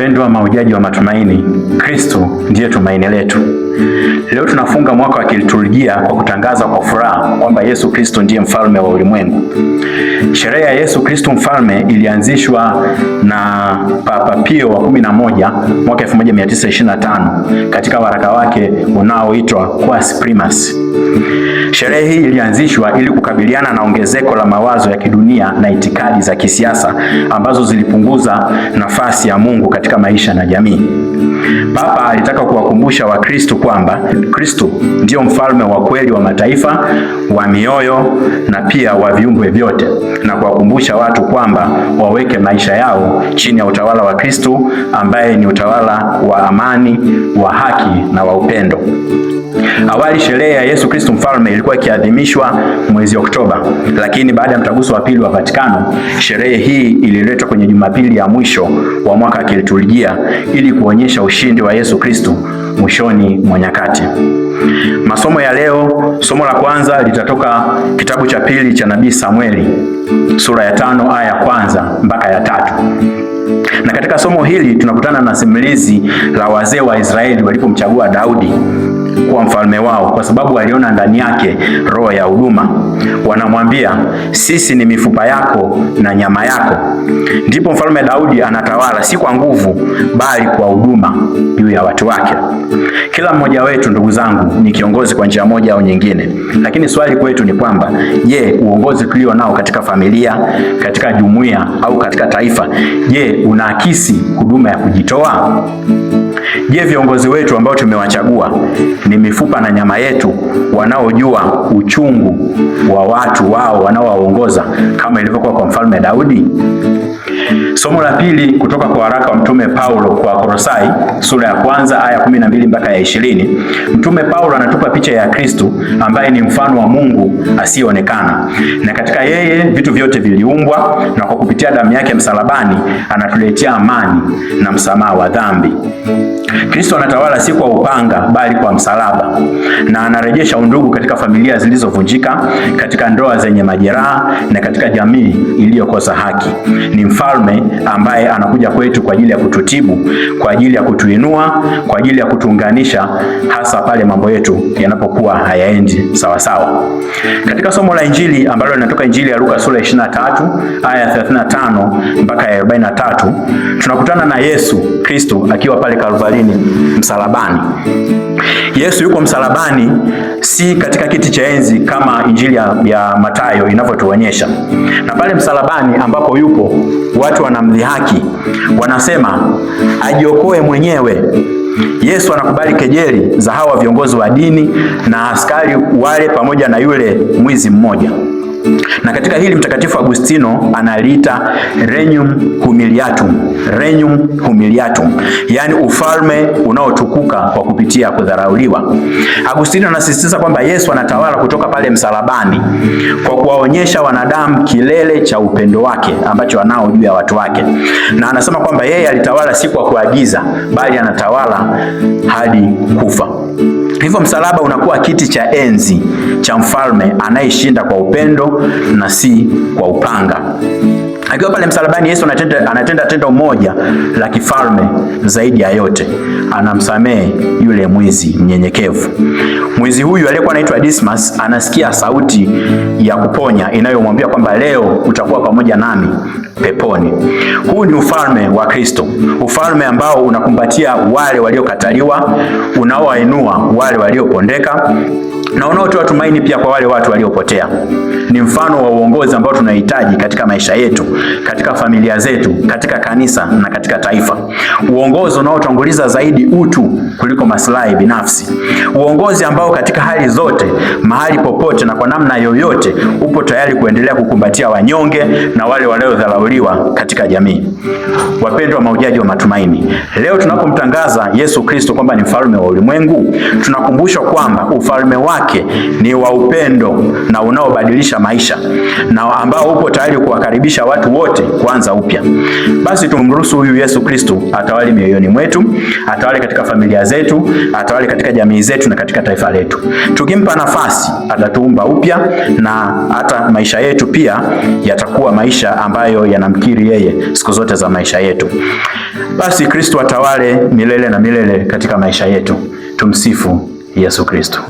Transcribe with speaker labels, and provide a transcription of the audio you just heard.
Speaker 1: Wapendwa maujaji wa matumaini, Kristo ndiye tumaini letu. Leo tunafunga mwaka wa kiliturujia kwa kutangaza kwa furaha kwamba Yesu Kristo ndiye mfalme wa ulimwengu. Sherehe ya Yesu Kristo mfalme ilianzishwa na Papa Pio wa 11 mwaka 1925 katika waraka wake unaoitwa Quas Primas. Sherehe hii ilianzishwa ili kukabiliana na ongezeko la mawazo ya kidunia na itikadi za kisiasa ambazo zilipunguza nafasi ya Mungu katika maisha na jamii. Papa alitaka kuwakumbusha Wakristo kwamba Kristo ndio mfalme wa kweli wa mataifa, wa mioyo na pia wa viumbe vyote, na kuwakumbusha watu kwamba waweke maisha yao chini ya utawala wa Kristo ambaye ni utawala wa amani, wa haki na wa upendo. Awali sherehe ya Yesu Kristo mfalme ilikuwa ikiadhimishwa mwezi Oktoba, lakini baada ya mtaguso wa pili wa Vatikano, sherehe hii ililetwa kwenye Jumapili ya mwisho wa mwaka wa kiliturujia ili kuonyesha ushindi wa wa Yesu Kristo mwishoni mwa nyakati. Masomo ya leo, somo la kwanza litatoka kitabu cha pili cha nabii Samueli sura ya tano aya ya kwanza mpaka ya tatu. Na katika somo hili tunakutana na simulizi la wazee wa Israeli walipomchagua Daudi kuwa mfalme wao, kwa sababu aliona ndani yake roho ya huduma. Wanamwambia, sisi ni mifupa yako na nyama yako. Ndipo mfalme Daudi anatawala si kwa nguvu, bali kwa huduma juu ya watu wake. Kila mmoja wetu, ndugu zangu, ni kiongozi kwa njia moja au nyingine, lakini swali kwetu ni kwamba je, uongozi tulio nao katika familia, katika jumuiya au katika taifa, je, unaakisi huduma ya kujitoa? Je, viongozi wetu ambao tumewachagua ni mifupa na nyama yetu, wanaojua uchungu wa watu wao wanaowaongoza kama ilivyokuwa kwa mfalme Daudi? Somo la pili kutoka kwa waraka wa Mtume Paulo kwa Korosai sura ya kwanza aya kumi na mbili mpaka ya ishirini. Mtume Paulo anatupa picha ya Kristo ambaye ni mfano wa Mungu asiyeonekana, na katika yeye vitu vyote viliumbwa, na kwa kupitia damu yake msalabani anatuletea amani na msamaha wa dhambi. Kristo anatawala si kwa upanga, bali kwa msalaba, na anarejesha undugu katika familia zilizovunjika, katika ndoa zenye majeraha, na katika jamii iliyokosa haki. Ni mfalme ambaye anakuja kwetu kwa ajili ya kututibu, kwa ajili ya kutuinua, kwa ajili ya kutuunganisha, hasa pale mambo yetu yanapokuwa hayaendi sawasawa. Katika somo la Injili ambalo linatoka Injili ya Luka sura ya 23 aya 35 mpaka ya 43, tunakutana na Yesu Kristo akiwa pale Kalvarini msalabani. Yesu yuko msalabani, si katika kiti cha enzi kama Injili ya, ya Mathayo inavyotuonyesha. Na pale msalabani ambapo yupo watu wana wanamdhihaki, wanasema ajiokoe mwenyewe. Yesu anakubali kejeli za hawa viongozi wa dini na askari wale pamoja na yule mwizi mmoja na katika hili Mtakatifu Agustino analiita regnum humiliatum, regnum humiliatum, yaani ufalme unaotukuka kwa kupitia kudharauliwa. Agustino anasisitiza kwamba Yesu anatawala kutoka pale msalabani kwa kuwaonyesha wanadamu kilele cha upendo wake ambacho anao juu ya watu wake, na anasema kwamba yeye alitawala si kwa kuagiza, bali anatawala hadi kufa. Hivyo msalaba unakuwa kiti cha enzi cha mfalme anayeshinda kwa upendo na si kwa upanga. Akiwa pale msalabani, Yesu anatenda, anatenda tendo moja la kifalme zaidi ya yote, anamsamehe yule mwizi mnyenyekevu. Mwizi huyu aliyekuwa anaitwa Dismas anasikia sauti ya kuponya inayomwambia kwamba leo utakuwa pamoja nami peponi. Huu ni ufalme wa Kristo, ufalme ambao unakumbatia wale waliokataliwa, unaowainua wale waliopondeka na unaotoa tumaini pia kwa wale watu waliopotea. Ni mfano wa uongozi ambao tunahitaji katika maisha yetu, katika familia zetu, katika kanisa na katika taifa. Uongozi unaotanguliza zaidi utu kuliko maslahi binafsi. Uongozi ambao katika hali zote, mahali popote na kwa namna yoyote upo tayari kuendelea kukumbatia wanyonge na wale waliodharauliwa katika jamii. Wapendwa maujaji wa matumaini, leo tunapomtangaza Yesu Kristo kwamba ni mfalme wa ulimwengu, tunakumbushwa kwamba ufalme wa wake ni wa upendo na unaobadilisha maisha na ambao upo tayari kuwakaribisha watu wote kuanza upya. Basi tumruhusu huyu Yesu Kristo atawali mioyoni mwetu, atawali katika familia zetu, atawali katika jamii zetu na katika taifa letu. Tukimpa nafasi, atatuumba upya na hata maisha yetu pia yatakuwa maisha ambayo yanamkiri yeye siku zote za maisha yetu. Basi Kristo atawale milele na milele katika maisha yetu. Tumsifu Yesu Kristo.